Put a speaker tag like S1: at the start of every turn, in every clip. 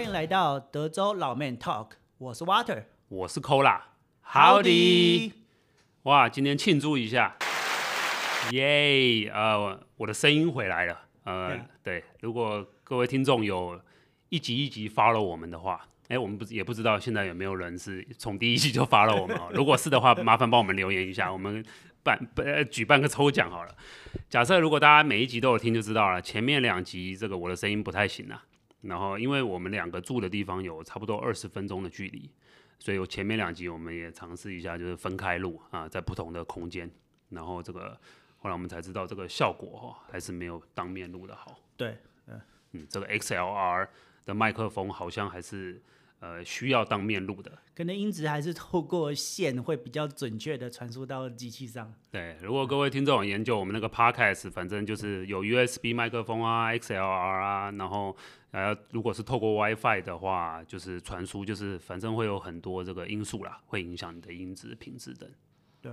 S1: 歡迎來到德州老 man Talk，我是 Water，
S2: 我是 Cola，Howdy，Howdy 哇，今天慶祝一下，耶！ yeah, 呃，我的聲音回來了，呃，Yeah. 對，如果各位聽眾有一集一集 follow 我們的話，哎，我們不也不知道現在有沒有人是從第一集就 follow 我們啊， 如果是的話，麻煩幫我們留言一下，我們辦呃舉辦個抽獎好了。假設如果大家每一集都有聽就知道了，前面兩集這個我的聲音不太行了，啊。然後，因為我們兩個住的地方有差不多二十分鐘的距離，所以我前面兩集我們也嘗試一下，就是分開錄啊，在不同的空間。然後這個後來我們才知道，這個效果、哦、還是沒有當面錄的好。對，呃、嗯，這個 XLR 的麥克風好像還是。呃，需要當面錄的，
S1: 可能音質還是透過線會比較準確的傳輸到機器上。
S2: 對，如果各位聽眾研究我們那個 Podcast，反正就是有 USB 麥克風啊、XLR 啊，然後呃，如果是透過 WiFi 的話，就是傳輸，就是反正會有很多這個因素啦，會影響你的音質品質等。
S1: 對，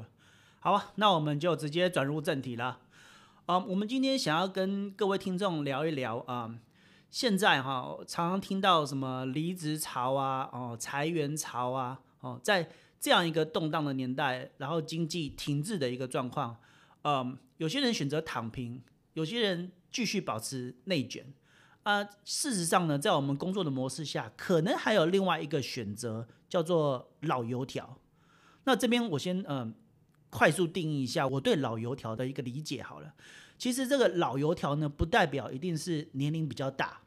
S1: 好啊，那我們就直接轉入正題了。嗯，我們今天想要跟各位聽眾聊一聊啊。嗯現在哈、哦，常常聽到什麼離職潮啊，哦，裁員潮啊，哦，在這樣一個動盪的年代，然後經濟停滯的一個狀況，嗯，有些人選擇躺平，有些人繼續保持內卷，啊，事實上呢，在我們工作的模式下，可能還有另外一個選擇，叫做老油條。那這邊我先嗯，快速定義一下我對老油條的一個理解好了。其實這個老油條呢，不代表一定是年齡比較大，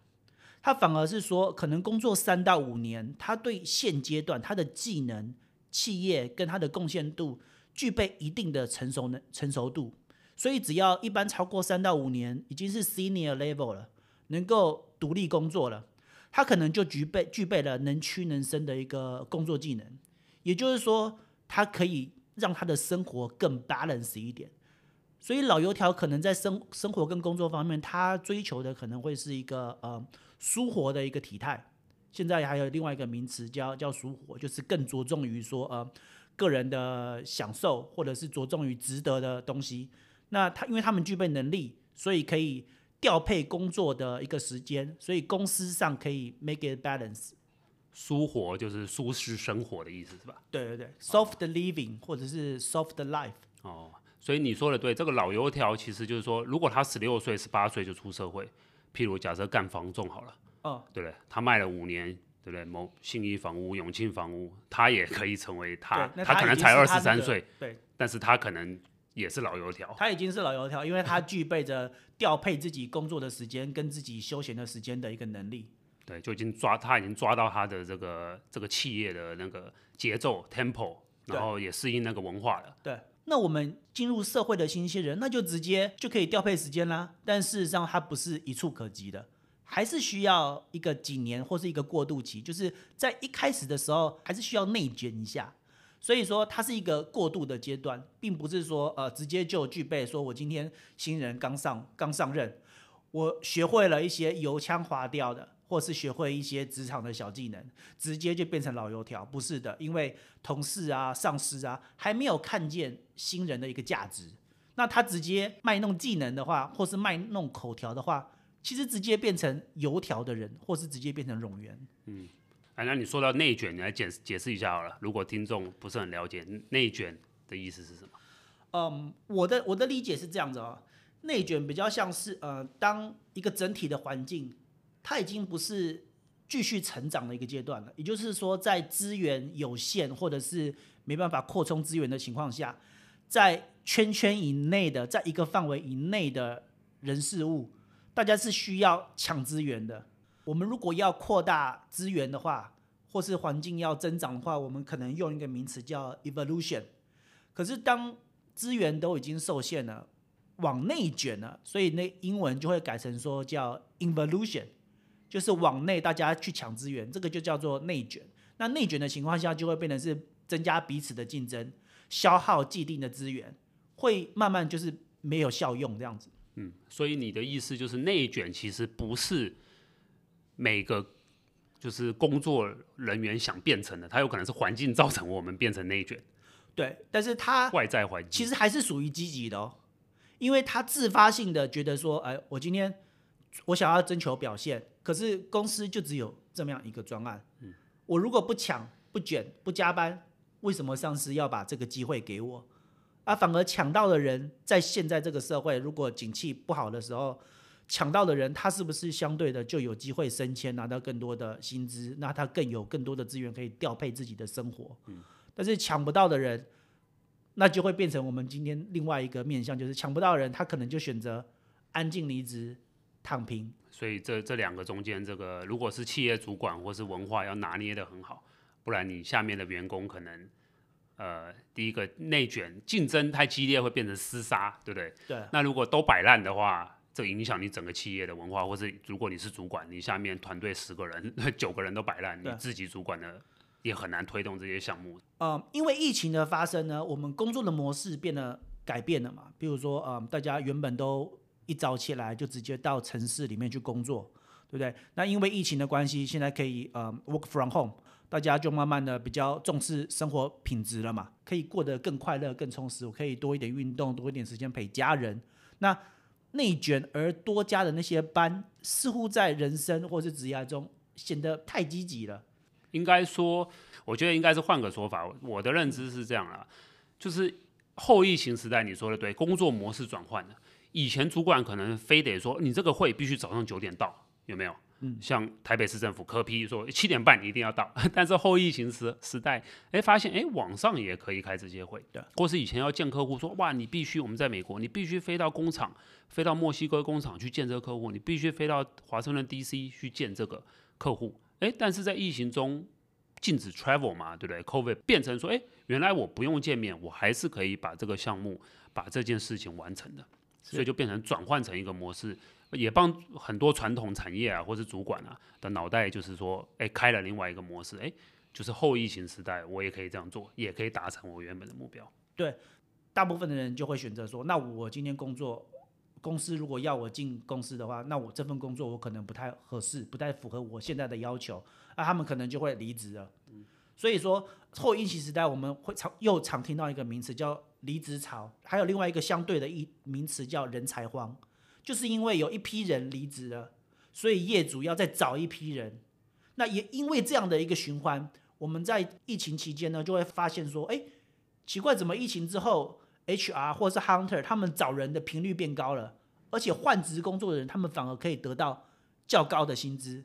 S1: 他反而是說，可能工作三到五年，他對現階段他的技能、企業跟他的貢獻度具備一定的成熟能、成熟度，所以只要一般超過三到五年，已經是 senior level 了，能夠獨立工作了，他可能就具備具備了能屈能伸的一個工作技能，也就是說，他可以讓他的生活更 balance 一點。所以老油條可能在生生活跟工作方面，他追求的可能會是一個呃舒活的一個體態。現在還有另外一個名詞叫叫舒活，就是更着重於說呃個人的享受，或者是着重於值得的東西。那他因為他們具備能力，所以可以調配工作的一個時間，所以公司上可以 make it balance。
S2: 舒活就是舒適生活的意思是吧？對
S1: 對對，oh，soft living 或者是 soft life。哦。
S2: 所以你說的對，這個老油條其實就是說，如果他十六歲、十八歲就出社會，譬如假設幹房仲好了，啊、哦，對不對？他賣了五年，對不對？某信義房屋、永慶房屋，他也可以成為他，他，他可能才二十三歲、那個，對，但是他可能也是老油條。
S1: 他已經是老油條，因為他具備
S2: 着調配自己工作的時間跟自己休閒的時間的一個能力。對，就已經抓，他已經抓到他的這個這個企業的那個節奏 （tempo），然後也適應那個文化了。對。
S1: 那我們進入社會的新鮮人，那就直接就可以調配時間啦。但事實上，它不是一蹴可幾的，還是需要一個幾年或是一個過渡期，就是在一開始的時候還是需要內卷一下。所以說，它是一個過渡的階段，並不是說呃直接就具備，說我今天新人剛上剛上任，我學會了一些油腔滑調的。或是學會一些職場的小技能，直接就變成老油條，不是的，因為同事啊、上司啊還沒有看見新人的一個價值，那他直接賣弄技能的話，或是賣弄口條的話，其實直接變成油條的人，或是直接變成冗
S2: 員。嗯，哎、啊，那你說到內卷，你來解釋解釋一下好了，如果聽眾不是很了解內卷的意思是什麼？
S1: 嗯，我的我的理解是這樣子啊、哦。內卷比較像是呃，當一個整體的環境。它已經不是繼續成長的一個階段了，也就是說，在資源有限或者是沒辦法擴充資源的情況下，在圈圈以內的，在一個範圍以內的人事物，大家是需要搶資源的。我們如果要擴大資源的話，或是環境要增長的話，我們可能用一個名詞叫 evolution。可是當資源都已經受限了，往內卷了，所以那英文就會改成說叫 involution。就是往內大家去搶資源，這個就叫做內捲。那內捲的情況下，就會變成是增加彼此的競爭，消耗既定的資源，會慢慢就是沒有效用這樣子。嗯，
S2: 所以你的意思就是內捲其實不是每個就是工作人員想變成的，它有可能是環境造成我們變成內捲。對，但是它外在環境其實還是屬於積極的哦，因為他自發性
S1: 的覺得說，哎、呃，我今天。我想要徵求表現，可是公司就只有這麼樣一個專案。嗯，我如果不搶、不卷、不加班，為什麼上司要把這個機會給我？啊，反而搶到的人，在現在這個社會，如果景氣不好的時候，搶到的人，他是不是相對的就有機會升遷，拿到更多的薪資？那他更有更多的資源可以調配自己的生活。嗯，但是搶不到的人，那就會變成我們今天另外一個面向，就是搶不到的人，他可能就選擇
S2: 安靜離職。躺平，躺平，所以這這兩個中間，這個如果是企業主管或是文化要拿捏得很好，不然你下面的員工可能，呃，第一個內捲競爭太激烈會變成廝殺，對不對？對。那如果都擺爛的話，這影響你整個企業的文化，或是如果你是主管，你下面團隊十個人，九個人都擺爛，對你自己主管的也很難推動這些項目。嗯，
S1: 因為疫情的發生呢，我們工作的模式變得改變了嘛，比如說，嗯，大家原本都。一早起來就直接到城市裡面去工作，對不對？那因為疫情的關係，現在可以呃 work from home，大家就慢慢的比較重視生活品質了嘛，可以過得更快樂、更充實，我可以多一點運動，多一點時間陪家人。那內卷而多加的那些班，似乎在人生或是職業中顯得
S2: 太積極了。應該說，我覺得應該是換個說法。我的認知是這樣啦，就是後疫情時代，你說的對，工作模式轉換了。以前主管可能非得說你這個會必須早上九點到，有沒有？嗯，像台北市政府柯 P 說七點半你一定要到。但是後疫情時時代，哎，發現哎，網上也可以開這些會。對，或是以前要見客戶說哇，你必須我們在美國，你必須飛到工廠，飛到墨西哥工廠去見這個客戶，你必須飛到華盛頓 DC 去見這個客戶。哎，但是在疫情中禁止 travel 嘛，對不對？COVID 變成說哎，原來我不用見面，我還是可以把這個項目，把這件事情完成的。所以就變成轉換成一個模式，也幫很多傳統產業啊，或是主管啊的腦袋，就是說，哎、欸，開了另外一個模式，哎、欸，就是後疫情時代，我也可以這樣做，也可以達成我原本的目標。
S1: 對，大部分的人就會選擇說，那我今天工作，公司如果要我進公司的話，那我這份工作我可能不太合適，不太符合我現在的要求，那他們可能就會離職了。嗯。所以說後疫情時代，我們會常又常聽到一個名詞叫。離職潮，還有另外一個相對的一名詞叫人才荒，就是因為有一批人離職了，所以業主要再找一批人。那也因為這樣的一個循環，我們在疫情期間呢，就會發現說，哎，奇怪，怎麼疫情之後，HR 或是 Hunter 他們找人的頻率變高了，而且換職工作的人，他們反而可以得到較高的薪資。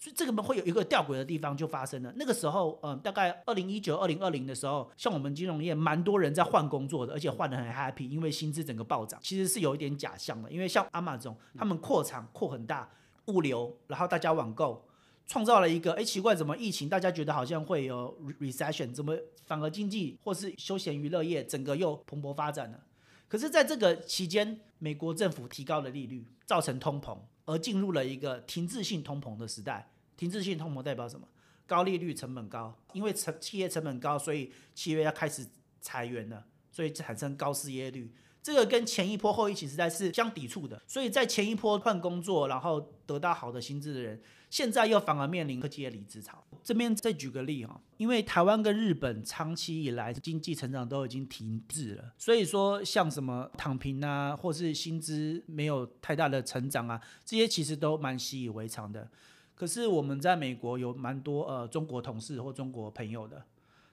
S1: 所以這個會有一個弔詭的地方就發生了。那個時候，嗯，大概二零一九、二零二零的時候，像我們金融業蠻多人在換工作的，而且換得很 happy，因為薪資整個暴漲。其實是有一點假象的，因為像阿瑪總他們擴產擴很大，物流，然後大家網購，創造了一個。哎，奇怪，怎麼疫情大家覺得好像會有 recession，怎麼反而經濟或是休閒娛樂業整個又蓬勃發展了？可是，在這個期間，美國政府提高了利率，造成通膨。而進入了一個停滯性通膨的時代。停滯性通膨代表什麼？高利率、成本高，因為成企業成本高，所以企業要開始裁員了，所以產生高失業率。這個跟前一波後疫情時代是相抵觸的。所以在前一波換工作，然後得到好的薪資的人。現在又反而面臨科技的離職潮。這邊再舉個例啊，因為台灣跟日本長期以來經濟成長都已經停滯了，所以說像什麼躺平啊，或是薪資沒有太大的成長啊，這些其實都蠻習以為常的。可是我們在美國有蠻多呃中國同事或中國朋友的，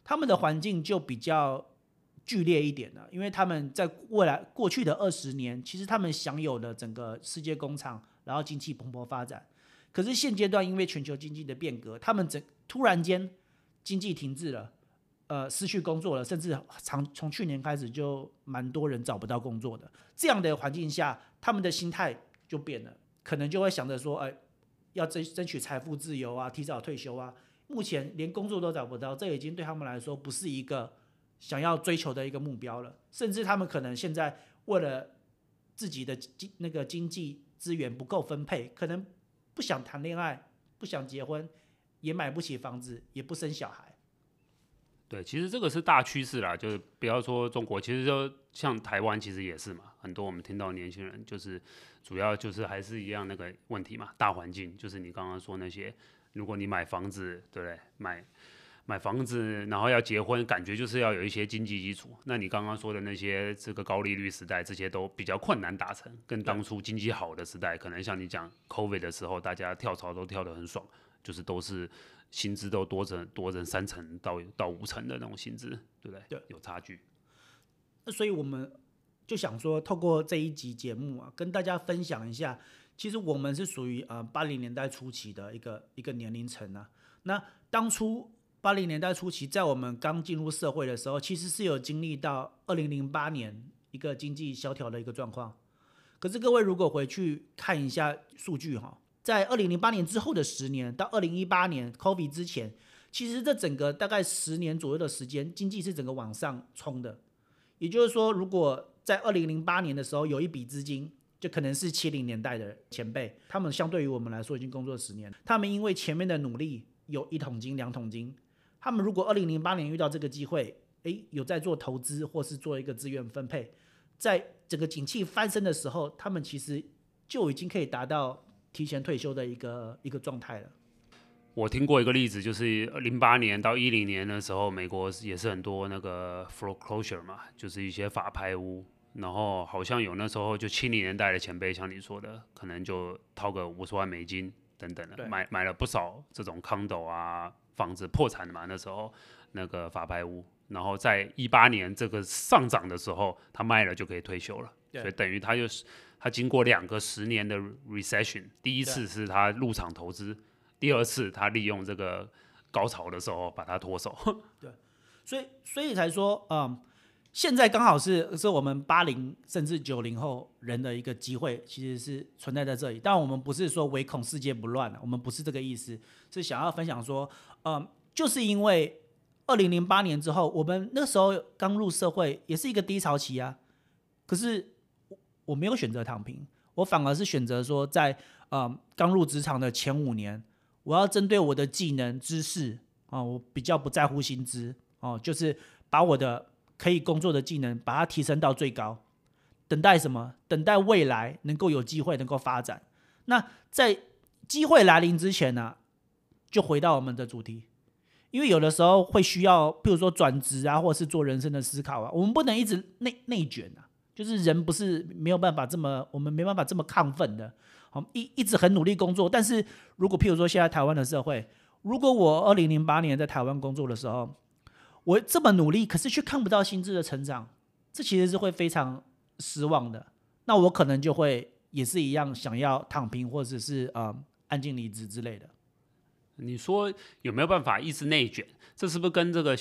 S1: 他們的環境就比較劇烈一點了，因為他們在未來過去的二十年，其實他們享有了整個世界工廠，然後經濟蓬勃發展。可是現階段，因為全球經濟的變革，他們整突然間經濟停滯了，呃，失去工作了，甚至長從去年開始就蠻多人找不到工作的。這樣的環境下，他們的心態就變了，可能就會想着說，哎、呃，要爭爭取財富自由啊，提早退休啊。目前連工作都找不到，這已經對他們來說不是一個想要追求的一個目標了。甚至他們可能現在為了自己的經那個經濟資源不夠分配，可能。不想談戀愛，不想結婚，也買不起房子，也不生小孩。
S2: 對，其實這個是大趨勢啦，就是不要說中國，其實就像台灣，其實也是嘛。很多我們聽到年輕人，就是主要就是還是一樣那個問題嘛，大環境就是你剛剛說那些，如果你買房子，對不對？買。買房子，然後要結婚，感覺就是要有一些經濟基礎。那你剛剛說的那些，這個高利率時代，這些都比較困難達成。跟當初經濟好的時代，可能像你講 COVID 的時候，大家跳槽都跳得很爽，就是都是薪資都多成多成三成到到五成的那種薪資，對不對？對，有差距。
S1: 那所以我們就想說，透過這一集節目啊，跟大家分享一下，其實我們是屬於呃八零年代初期的一個一個年齡層啊。那當初。八零年代初期，在我們剛進入社會的時候，其實是有經歷到二零零八年一個經濟蕭條的一個狀況。可是各位如果回去看一下數據哈，在二零零八年之後的十年到二零一八年 COVID 之前，其實這整個大概十年左右的時間，經濟是整個往上衝的。也就是說，如果在二零零八年的時候有一筆資金，就可能是七零年代的前輩，他們相對於我們來說已經工作十年，他們因為前面的努力有一桶金、兩桶金。他們如果二零零八年遇到這個機會，誒，有在做投資或是做一個資源分配，在整個景氣翻身的時候，他們其實就已經可以達到提前退休的一個一個狀態了。
S2: 我聽過一個例子，就是零八年到一零年的時候，美國也是很多那個 foreclosure 嘛，就是一些法拍屋，然後好像有那時候就七零年代的前輩，像你說的，可能就掏個五十萬美金等等的，對買買了不少這種 condo 啊。房子破產嘛，那時候那個法拍屋，然後在一八年這個上漲的時候，他賣了就可以退休了。對所以等於他就是他經過兩個十年的 recession，第一次是他入場投資，對第二次他利用這個高潮的時候把它脫手。對，
S1: 所以所以才說，嗯，現在剛好是是我們八零甚至九零後人的一個機會，其實是存在在這裡。但我們不是說唯恐世界不亂，我們不是這個意思，是想要分享說，嗯、呃，就是因為二零零八年之後，我們那時候剛入社會，也是一個低潮期啊。可是我沒有選擇躺平，我反而是選擇說在，在、呃、剛入職場的前五年，我要針對我的技能、知識啊、呃，我比較不在乎薪資哦，就是把我的可以工作的技能把它提升到最高。等待什麼？等待未來能夠有機會能夠發展。那在機會來臨之前呢、啊？就回到我們的主題，因為有的時候會需要，比如說轉職啊，或者是做人生的思考啊，我們不能一直內內捲啊，就是人不是沒有辦法這麼，我們沒辦法這麼亢奮的，好、嗯、一一直很努力工作，但是如果譬如說現在台灣的社會，如果我二零零八年在台灣工作的時候，我這麼努力，可是卻看不到薪資的成長，這其實是會非常失望的，那我可能就會也是一樣想要躺平或者是呃、嗯、安靜離職之類的。
S2: 你說有沒有辦法一直內捲？這是不是跟這個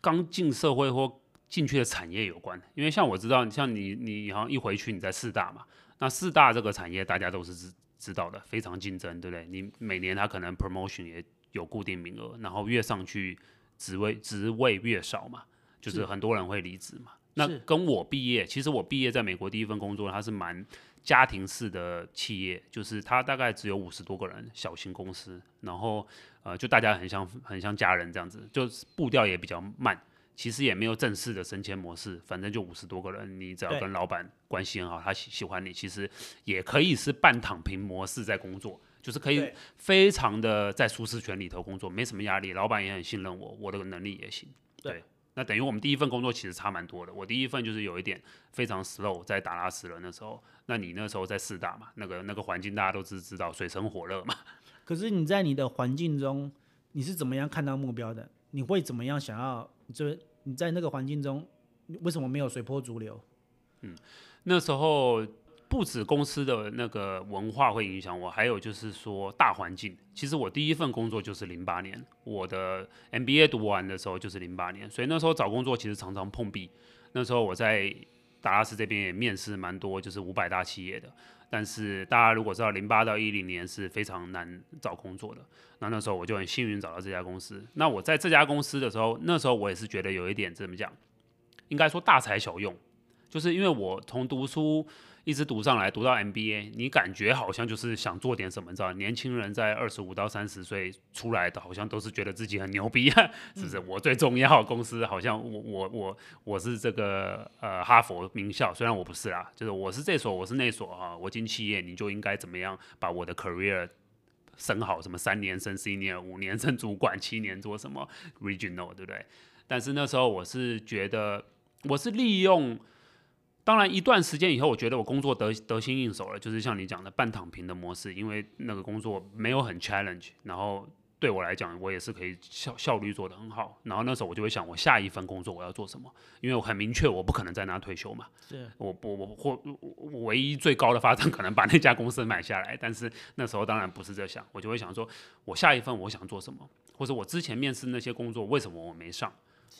S2: 剛進社會或進去的產業有關？因為像我知道，像你你好像一回去你在四大嘛，那四大這個產業大家都是知知道的，非常競爭，對不對？你每年他可能 promotion 也有固定名額，然後越上去職位職位越少嘛，就是很多人會離職嘛。是那跟我畢業，其實我畢業在美國第一份工作，它是蠻。家庭式的企業，就是他大概只有五十多個人，小型公司。然後，呃，就大家很像很像家人這樣子，就是步調也比較慢。其實也沒有正式的升遷模式，反正就五十多個人，你只要跟老闆關係很好，他喜喜歡你，其實也可以是半躺平模式在工作，就是可以非常的在舒適圈裡頭工作，沒什麼壓力。老闆也很信任我，我的能力也行。對，對，那等於我們第一份工作其實差蠻多的。我第一份就是有一點非常 slow，在達拉斯人的時候。那你那時候在四大嘛，那個那個環境大家都知知道，水深火熱嘛。
S1: 可是你在你的環境中，你是怎麼樣看到目標的？你會怎麼樣想要？就是你在那個環境中，為什麼沒有隨波逐流？
S2: 嗯，那時候不止公司的那個文化會影響我，還有就是說大環境。其實我第一份工作就是零八年，我的 MBA 讀完的時候就是零八年，所以那時候找工作其實常常碰壁。那時候我在。達拉斯這邊也面試蠻多，就是五百大企業的，但是大家如果知道零八到一零年是非常難找工作的，那那時候我就很幸運找到這家公司。那我在這家公司的時候，那時候我也是覺得有一點怎麼講，應該說大材小用，就是因為我從讀書。一直讀上來，讀到 MBA，你感覺好像就是想做點什麼，你知道年輕人在二十五到三十歲出來的，好像都是覺得自己很牛逼，嗯、 是不是？我最重要，公司好像我我我我是這個呃哈佛名校，雖然我不是啦，就是我是這所，我是那所啊。我進企業，你就應該怎麼樣把我的 career 升好？什麼三年升 senior，五年升主管，七年做什麼 regional，對不對？但是那時候我是覺得，我是利用。當然，一段時間以後，我覺得我工作得得心應手了，就是像你講的半躺平的模式，因為那個工作沒有很 challenge，然後對我來講，我也是可以效效率做得很好。然後那時候我就會想，我下一份工作我要做什麼？因為我很明確，我不可能在那退休嘛。是。我我我或唯一最高的發展可能把那家公司買下來，但是那時候當然不是這樣，我就會想說，我下一份我想做什麼？或者我之前面試那些工作，為什麼我沒上？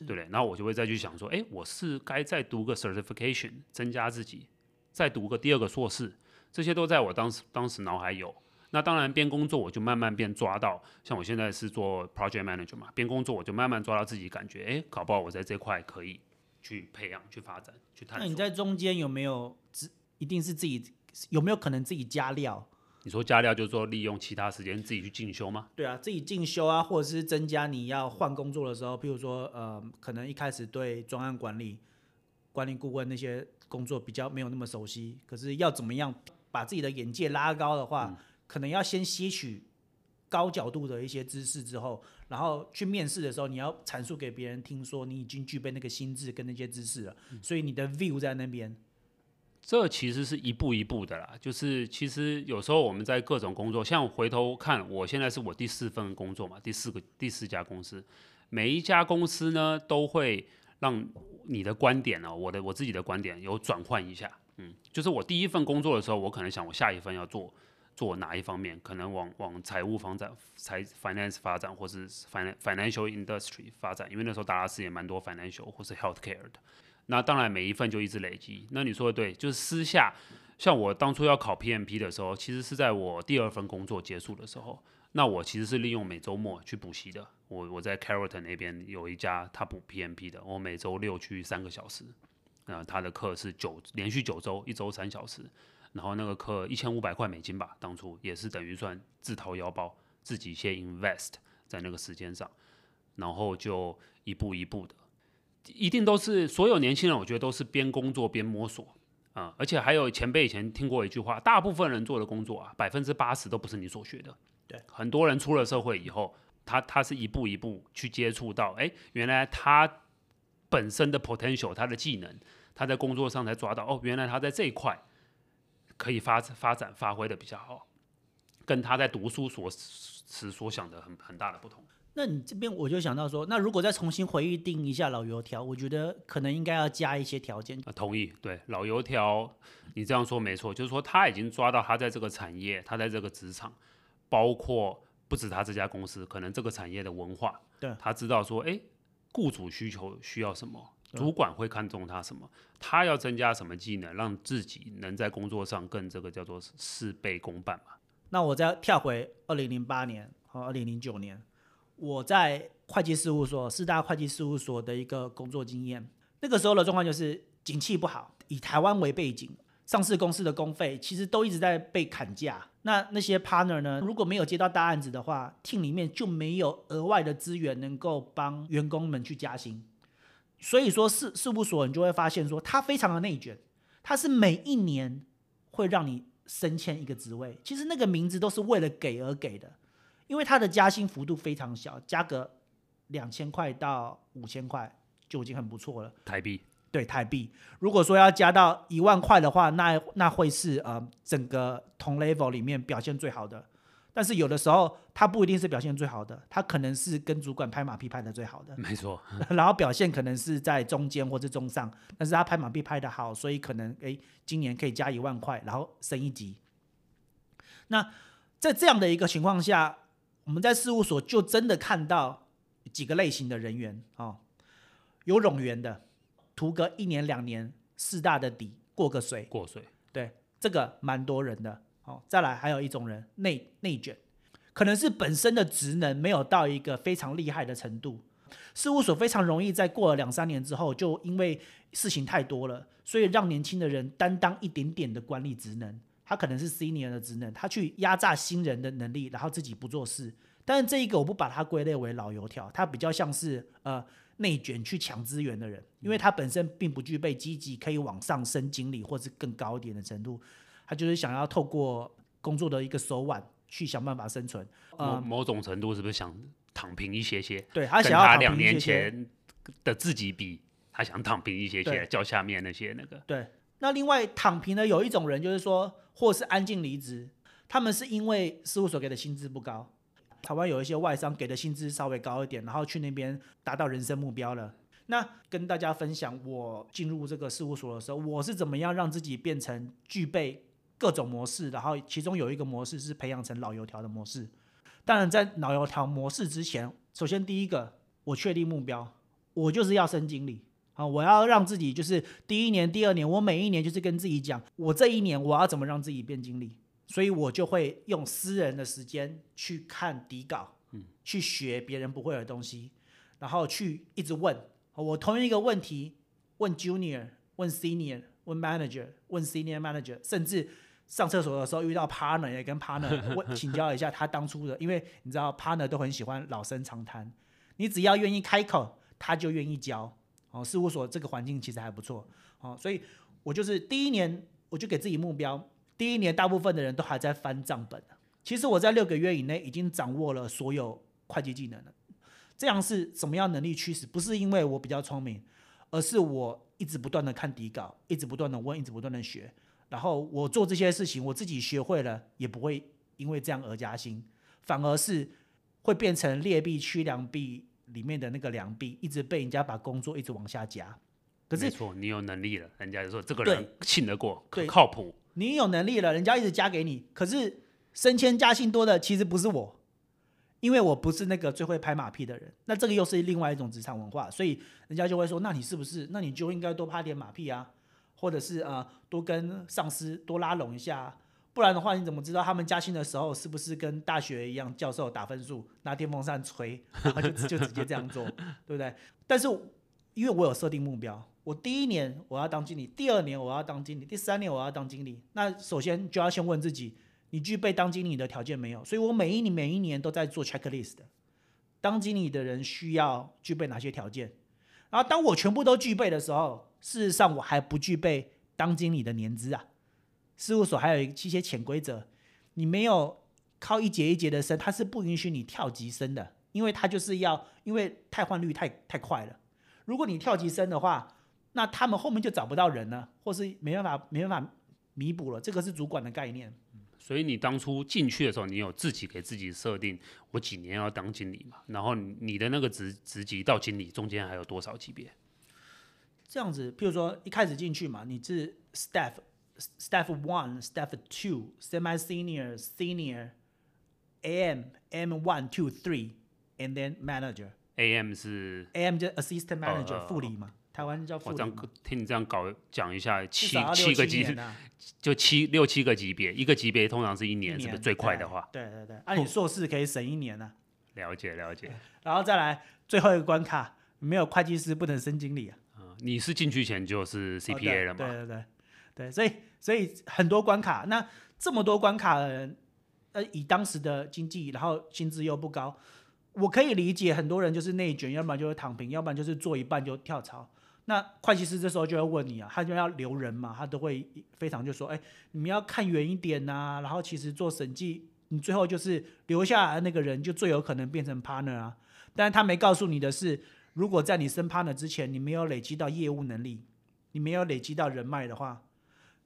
S2: 對嘞，然後我就會再去想說，哎，我是該再讀個 certification，增加自己，再讀個第二個碩士，這些都在我當時當時腦海有。那當然邊工作我就慢慢邊抓到，像我現在是做 project manager 嘛，邊工作我就慢慢抓到自己感覺，哎，搞不好我在這塊可以去培養、去發展、去探索。那你
S1: 在中間有沒有，只一定是自己，有沒有可能自己
S2: 加料？你說加料就是說利用其他時間自己去進修嗎？
S1: 對啊，自己進修啊，或者是增加你要換工作的時候，譬如說呃，可能一開始對專案管理、管理顧問那些工作比較沒有那麼熟悉，可是要怎麼樣把自己的眼界拉高的話，嗯、可能要先吸取高角度的一些知識之後，然後去面試的時候你要闡述給別人聽說你已經具備那個心智跟那些知識了，嗯、所以你的 view 在那邊。
S2: 這其實是一步一步的啦，就是其實有時候我們在各種工作，像回頭看，我現在是我第四份工作嘛，第四個第四家公司，每一家公司呢都會讓你的觀點呢、哦，我的我自己的觀點有轉換一下，嗯，就是我第一份工作的時候，我可能想我下一份要做做哪一方面，可能往往財務發展、財 finance 發展，或是 fin financial industry 發展，因為那時候達拉斯也蠻多 financial 或是 healthcare 的。那當然，每一份就一直累積。那你說的對，就是私下，像我當初要考 PMP 的時候，其實是在我第二份工作結束的時候。那我其實是利用每週末去補習的。我我在 Carrollton 那邊有一家他補 PMP 的，我每週六去三個小時。呃，他的課是九連續九週，一週三小時，然後那個課一千五百塊美金吧。當初也是等於算自掏腰包，自己先 invest 在那個時間上，然後就一步一步的。一定都是所有年輕人，我覺得都是邊工作邊摸索啊、嗯，而且還有前輩以前聽過一句話：大部分人做的工作啊，百分之八十都不是你所學的。對，很多人出了社會以後，他他是一步一步去接觸到，誒、欸，原來他本身的 potential，他的技能，他在工作上才抓到，哦，原來他在這一塊可以發發展發揮得比較好，跟他在讀書所時所想的很很大的不同。
S1: 那你這邊我就想到說，那如果再重新回憶定一下老油條，我覺得可能應該要加
S2: 一些條件。啊，同意，對，老油條，你這樣說沒錯，就是說他已經抓到他在這個產業，他在這個職場，包括不止他這家公司，可能這個產業的文化。對，他知道說，哎，雇主需求需要什麼，對主管會看中他什麼，他要增加什麼技能，讓自己能在工作上更這個叫做事倍功半嘛。
S1: 那我再跳回二零零八年和二零零九年。我在會計事務所，四大會計事務所的一個工作經驗。那個時候的狀況就是景氣不好，以台灣為背景，上市公司的公費其實都一直在被砍價。那那些 partner 呢，如果沒有接到大案子的話，team 裡面就沒有額外的資源能夠幫員工們去加薪。所以說事事務所你就會發現說，它非常的內卷，它是每一年會讓你升遷一個職位，其實那個名字都是為了給而給的。因為它的加薪幅度非常小，加個兩千塊到五千塊就已經很不錯了。台幣對台幣，如果說要加到一萬塊的話，那那會是呃整個同 level 裡面表現最好的。但是有的時候他不一定是表現最好的，他可能是跟主管拍馬屁拍得最好的。沒錯， 然後表現可能是在中間或者中上，但是他拍馬屁拍得好，所以可能誒今年可以加一萬塊，然後升一級。那在這樣的一個情況下。我們在事務所就真的看到幾個類型的人員啊、哦，有冗員的，圖個一年兩年四大的底過個水、過水，對這個蠻多人的哦。再來還有一種人內內卷，可能是本身的職能沒有到一個非常厲害的程度，事務所非常容易在過了兩三年之後，就因為事情太多了，所以讓年輕的人擔當一點點的管理職能。他可能是 senior 的職能，他去壓榨新人的能力，然後自己不做事。但是這一個我不把它歸類為老油條，他比較像是呃內卷去搶資源的人，因為他本身並不具備積極可以往上升經理或是更高一點的程度，他就是想要透過工作的一個手腕去想辦法生存。某
S2: 某種程度是不是想躺平一些些？嗯、對他想要躺平一些些，跟兩年前的自己比，嗯、他想躺平一些些，叫對下面那些那個。對。
S1: 對那另外躺平的有一種人，就是說或是安靜離職，他們是因為事務所給的薪資不高，台灣有一些外商給的薪資稍微高一點，然後去那邊達到人生目標了。那跟大家分享我進入這個事務所的時候，我是怎麼樣讓自己變成具備各種模式，然後其中有一個模式是培養成老油條的模式。當然在老油條模式之前，首先第一個我確定目標，我就是要升經理。啊！我要讓自己就是第一年、第二年，我每一年就是跟自己講，我這一年我要怎麼讓自己變經理。所以我就會用私人的時間去看底稿，嗯，去學別人不會的東西，然後去一直問、啊、我同一個問題，問 junior，問 senior，問 manager，問 senior manager，甚至上廁所的時候遇到 partner 也跟 partner 問 請教一下他當初的，因為你知道 partner 都很喜歡老生常談，你只要願意開口，他就願意教。哦，事務所這個環境其實還不錯，哦，所以我就是第一年，我就給自己目標，第一年大部分的人都還在翻賬本呢。其實我在六個月以內已經掌握了所有會計技能了。這樣是什麼樣能力驅使？不是因為我比較聰明，而是我一直不斷的看底稿，一直不斷的問，一直不斷的學。然後我做這些事情，我自己學會了，也不會因為這樣而加薪，反而是會變成劣幣驅良幣。裡面的那個良幣一直被人家把工作一直往下加，
S2: 可是沒錯，你有能力了，人家就說這個人信得過，很對靠譜。
S1: 你有能力了，人家一直加給你，可是升遷加薪多的其實不是我，因為我不是那個最會拍馬屁的人。那這個又是另外一種職場文化，所以人家就會說，那你是不是？那你就應該多拍點馬屁啊？或者是啊，多跟上司多拉攏一下、啊。不然的話，你怎麼知道他們加薪的時候是不是跟大學一樣，教授打分數，拿電風扇吹，然後就就直接這樣做，對不對？但是因為我有設定目標，我第一年我要當經理，第二年我要當經理，第三年我要當經理。那首先就要先問自己，你具備當經理的條件沒有？所以我每一年每一年都在做 checklist，當經理的人需要具備哪些條件？然後當我全部都具備的時候，事實上我還不具備當經理的年資啊。事務所還有一些潛規則，你沒有靠一節一節的升，它是不允許你跳級升的，因為他就是要因為汰換率，太太快了。如果你跳級升的話，那他們後面就找不到人了，或是沒辦法沒辦法彌補了。這個是主管的概念。
S2: 所以你當初進去的時候，你有自己給自己設定，我幾年要當經理嘛？然後你的那個職職級到經理中間還有多少級別？
S1: 這樣子，譬如說一開始進去嘛，你是 staff。Staff One, Staff Two, Semi-Senior, Senior, AM, M One, Two, Three, and then Manager.
S2: AM 是 AM 就 Assistant Manager、哦哦、副理嘛，哦、台灣叫副理、哦。我這樣聽你這樣搞講一下，七七、啊、七個級就七六七個級別，一個級別通常是一年，一年是不是最快的話？
S1: 對對對，按理哼、啊、碩士可以省一年呢、啊。
S2: 了解了解，然
S1: 後再來最後一個關卡，沒有會計師不能升經理啊。啊、嗯，
S2: 你是進去前就是 CPA 了嗎？哦、
S1: 對對對對，所以。所以很多關卡，那這麼多關卡的人，呃，以當時的經濟，然後薪資又不高，我可以理解很多人就是內卷，要不然就是躺平，要不然就是做一半就跳槽。那會計師這時候就會問你啊，他就要留人嘛，他都會非常就說，哎，你們要看遠一點吶啊。然後其實做審計，你最後就是留下來的那個人就最有可能變成 partner 啊。但他沒告訴你的是，如果在你升 partner 之前，你沒有累積到業務能力，你沒有累積到人脈的話。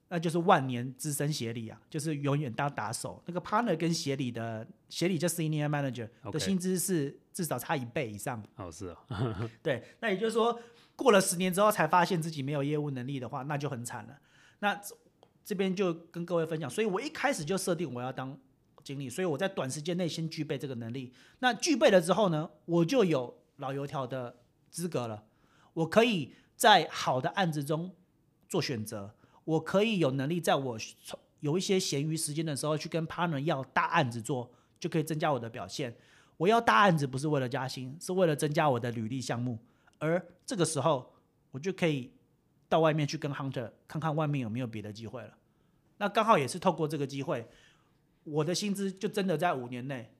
S1: 那就是萬年資深協理啊，就是永遠當打手。那個 partner 跟協理的協理，叫 senior manager 的薪資是至少差一倍以上。哦，okay. oh, 是哦。 對，那也就是說，過了十年之後才發現自己沒有業務能力的話，那就很慘了。那這邊就跟各位分享，所以我一開始就設定我要當經理，所以我在短時間內先具備這個能力。那具備了之後呢，我就有老油條的資格了，我可以在好的案子中做選擇。我可以有能力在我有一些閒餘時間的時候，去跟 partner 要大案子做，就可以增加我的表現。我要大案子不是為了加薪，是為了增加我的履歷項目。而這個時候，我就可以到外面去跟 hunter 看看外面有沒有別的機會了。那剛好也是透過這個機會，我的薪資就真的在五年內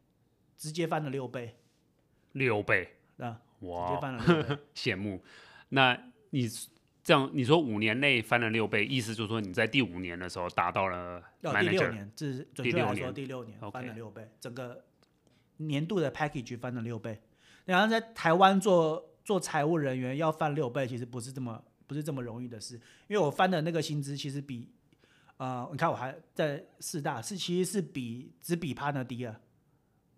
S1: 直接翻了六倍。
S2: 六倍。那我直接翻了，羨慕。 那你？這樣你說五年內翻了六倍，意思就是說你在第五年的時候達到了，要、哦、第六年，這是準確來說第六、第
S1: 六年翻了六倍，Okay. 整個年度的 package 翻了六倍。然後在台灣做做財務人員要翻六倍，其實不是這麼不是這麼容易的事，因為我翻的那個薪資其實比呃你看我還在四大是其實是比只比 partner 低啊，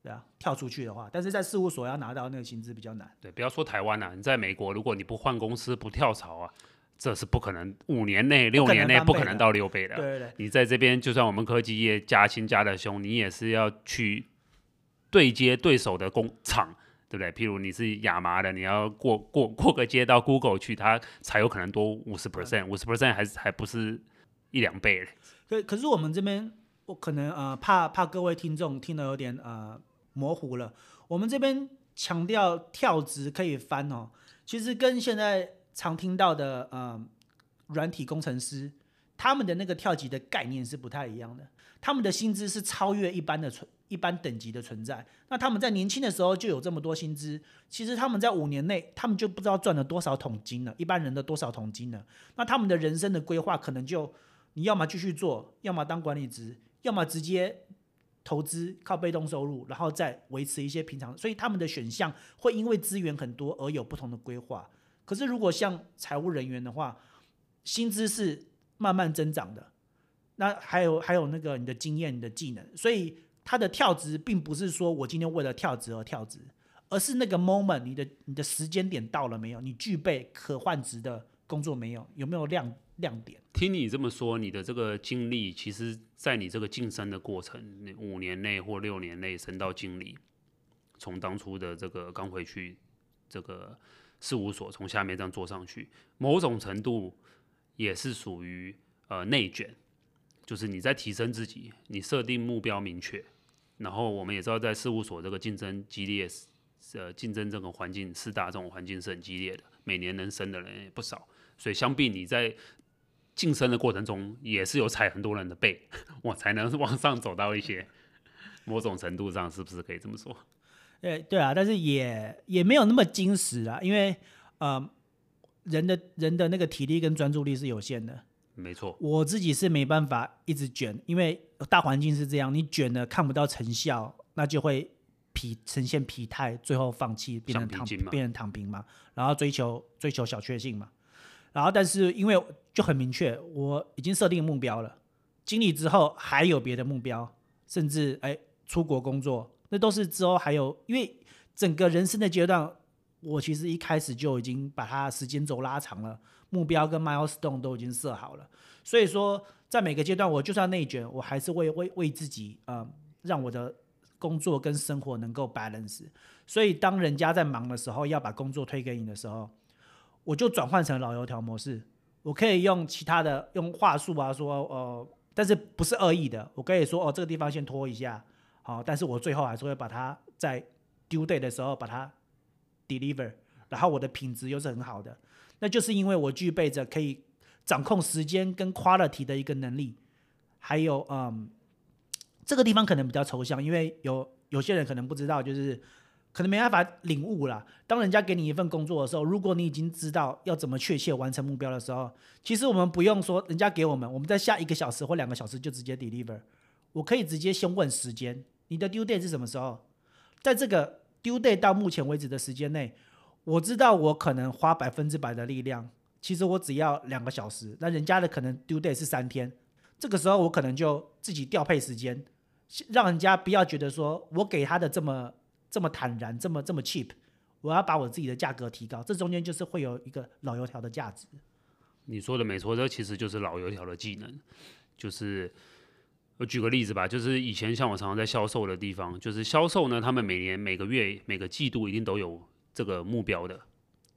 S1: 對啊，跳出去的話，但是在事務所要拿到的那個薪資比較難。
S2: 對，不要說台灣了、啊，你在美國如果你不換公司不跳槽啊。這是不可能，五年內、六年內不可能到六倍、倍的。對、對、對，你在這邊，就算我們科技業加薪加的兇，你也是要去對接對手的工廠，對不對？譬如你是亞麻的，你要過過過個街到 Google 去，它才有可能多五十 percent，五十 percent 還是還不是一兩倍。
S1: 可可是我們這邊，我可能呃怕怕各位聽眾聽得有點呃模糊了。我們這邊強調跳值可以翻哦，其實跟現在。常聽到的，呃，軟體工程師他們的那個跳級的概念是不太一樣的，他們的薪資是超越一般的存一般等級的存在。那他們在年輕的時候就有這麼多薪資，其實他們在五年內，他們就不知道賺了多少桶金了，一般人的多少桶金了。那他們的人生的規劃可能就你要麼繼續做，要麼當管理職，要麼直接投資靠被動收入，然後再維持一些平常。所以他們的選項會因為資源很多而有不同的規劃。可是，如果像財務人員的話，薪資是慢慢增長的。那還有還有那個你的經驗、你的技能，所以他的跳職並不是說我今天為了跳職而跳職，而是那個 moment，你的你的時間點到了沒有？你具備可換職的工作沒有？有沒有亮
S2: 亮點？聽你這麼說，你的這個經歷，其實在你這個晉升的過程，五年內或六年內升到經理，從當初的這個剛回去這個。事務所從下面這樣做上去，某種程度也是屬於呃內卷，就是你在提升自己，你設定目標明確，然後我們也知道在事務所這個競爭激烈，呃競爭這個環境，四大這種環境是很激烈的，每年能升的人也不少，所以相比你在晉升的過程中，也是有踩很多人的背，我才能往上走到一些，某種程度上是不是可以這麼說？
S1: 對對啊，但是也也沒有那麼矜持啊，因為呃，人的人的那個體力跟專注力是有限的。
S2: 沒錯，
S1: 我自己是沒辦法一直捲，因為大環境是這樣，你捲了看不到成效，那就會疲呈現疲態，最後放棄，變成躺變成躺平嘛，然後追求追求小確幸嘛，然後但是因為就很明確，我已經設定目標了，經理之後還有別的目標，甚至哎出國工作。那都是之後還有，因為整個人生的階段，我其實一開始就已經把它時間軸拉長了，目標跟 milestone 都已經設好了。所以說，在每個階段，我就算內卷，我還是會為為自己，呃，讓我的工作跟生活能夠 balance。所以，當人家在忙的時候，要把工作推給你的時候，我就轉換成老油條模式，我可以用其他的用話術啊，說，呃，但是不是惡意的，我可以說，哦，這個地方先拖一下。好，但是我最後還是會把它在 due date 的時候把它 deliver，然後我的品質又是很好的，那就是因為我具備着可以掌控時間跟 quality 的一個能力，還有嗯，這個地方可能比較抽象，因為有有些人可能不知道，就是可能沒辦法領悟啦。當人家給你一份工作的時候，如果你已經知道要怎麼確切完成目標的時候，其實我們不用說人家給我們，我們在下一個小時或兩個小時就直接 deliver，我可以直接先問時間。你的 due day 是什麼時候？在這個 due day 到目前為止的時間內，我知道我可能花百分之百的力量，其實我只要兩個小時。那人家的可能 due day 是三天，這個時候我可能就自己調配時間，讓人家不要覺得說我給他的這麼這麼坦然，這麼這麼 cheap。我要把我自己的價格提高，這中間就是會有一個老油條的價值。
S2: 你說的沒錯，這其實就是老油條的技能，就是。我舉個例子吧，就是以前像我常常在銷售的地方，就是銷售呢，他們每年、每個月、每個季度一定都有這個目標的。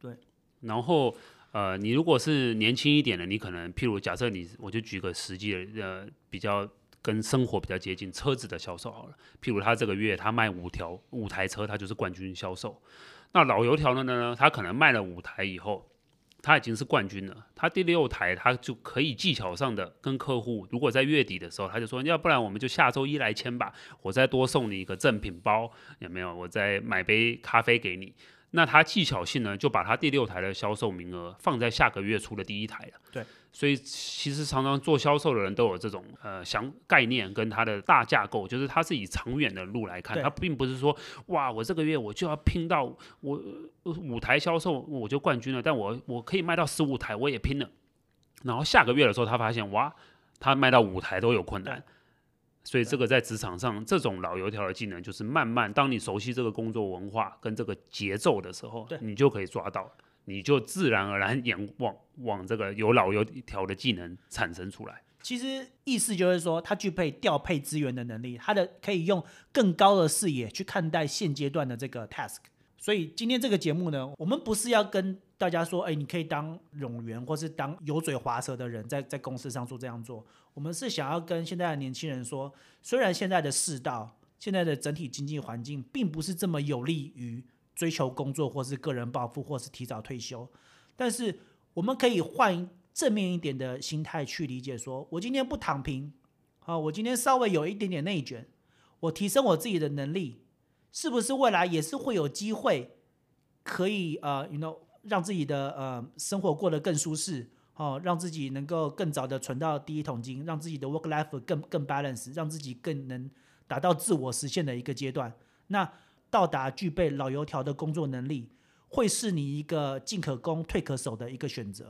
S2: 對。然後，呃，你如果是年輕一點的，你可能，譬如假設你，我就舉個實際的，呃，比較跟生活比較接近，車子的銷售好了。譬如他這個月他賣五條五台車，他就是冠軍銷售。那老油條的呢，他可能賣了五台以後。他已經是冠軍了，他第六台他就可以技巧上的跟客戶，如果在月底的時候，他就說，要不然我們就下周一來簽吧，我再多送你一個贈品包，有沒有？我再買杯咖啡給你。那他技巧性呢，就把他第六台的銷售名額放在下個月出的第一台了。對，所以其實常常做銷售的人都有這種呃想概念跟他的大架構，就是他是以長遠的路來看，對他並不是說哇，我這個月我就要拼到我、呃、五台銷售我就冠軍了，但我我可以賣到十五台我也拼了。然後下個月的時候，他發現哇，他賣到五台都有困難。所以這個在職場上，對這種老油條的技能，就是慢慢，當你熟悉這個工作文化跟這個節奏的時候，對你就可以抓到，你就自然而然眼往往這個有老油條的技能產生出來。
S1: 其實意思就是說，他具備調配資源的能力，他的可以用更高的視野去看待現階段的這個 task。所以今天這個節目呢，我們不是要跟大家說，哎，你可以當冗員或是當油嘴滑舌的人，在在公司上做這樣做。我們是想要跟現在的年輕人說，雖然現在的世道、現在的整體經濟環境並不是這麼有利於追求工作或是個人暴富或是提早退休，但是我們可以換正面一點的心態去理解說，說我今天不躺平，啊，我今天稍微有一點點內卷，我提升我自己的能力。是不是未來也是會有機會可以呃，you know 讓自己的呃生活過得更舒適哦，讓自己能夠更早的存到第一桶金，讓自己的 work life 更更 balance，讓自己更能達到自我實現的一個階段。那到達具備老油條的工作能力，會是你一個進可攻退可守的一個選擇。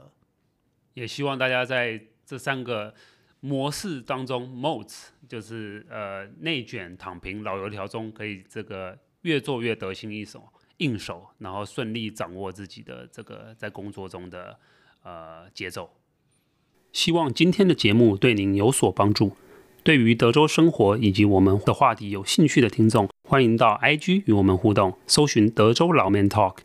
S2: 也希望大家在這三個模式當中，modes 就是呃內卷、躺平、老油條中，可以這個越做越得心應手，應手，然後順利掌握自己的這個在工作中的呃節奏。希望今天的節目對您有所幫助。對於德州生活以及我們的話題有興趣的聽眾，歡迎到 IG 與我們互動，搜尋德州老 man Talk，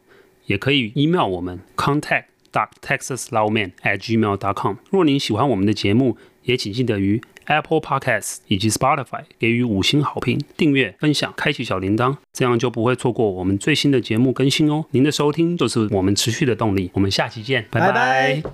S2: 也可以 email 我們 contact.texaslaoman@gmail.com AT。若您喜歡我們的節目，也請記得於 Apple Podcasts 以及 Spotify 給予五星好評、訂閱、分享、開啟小鈴鐺，這樣就不會錯過我們最新的節目更新哦。您的收聽就是我們持續的動力。我們下期見，拜拜。拜拜。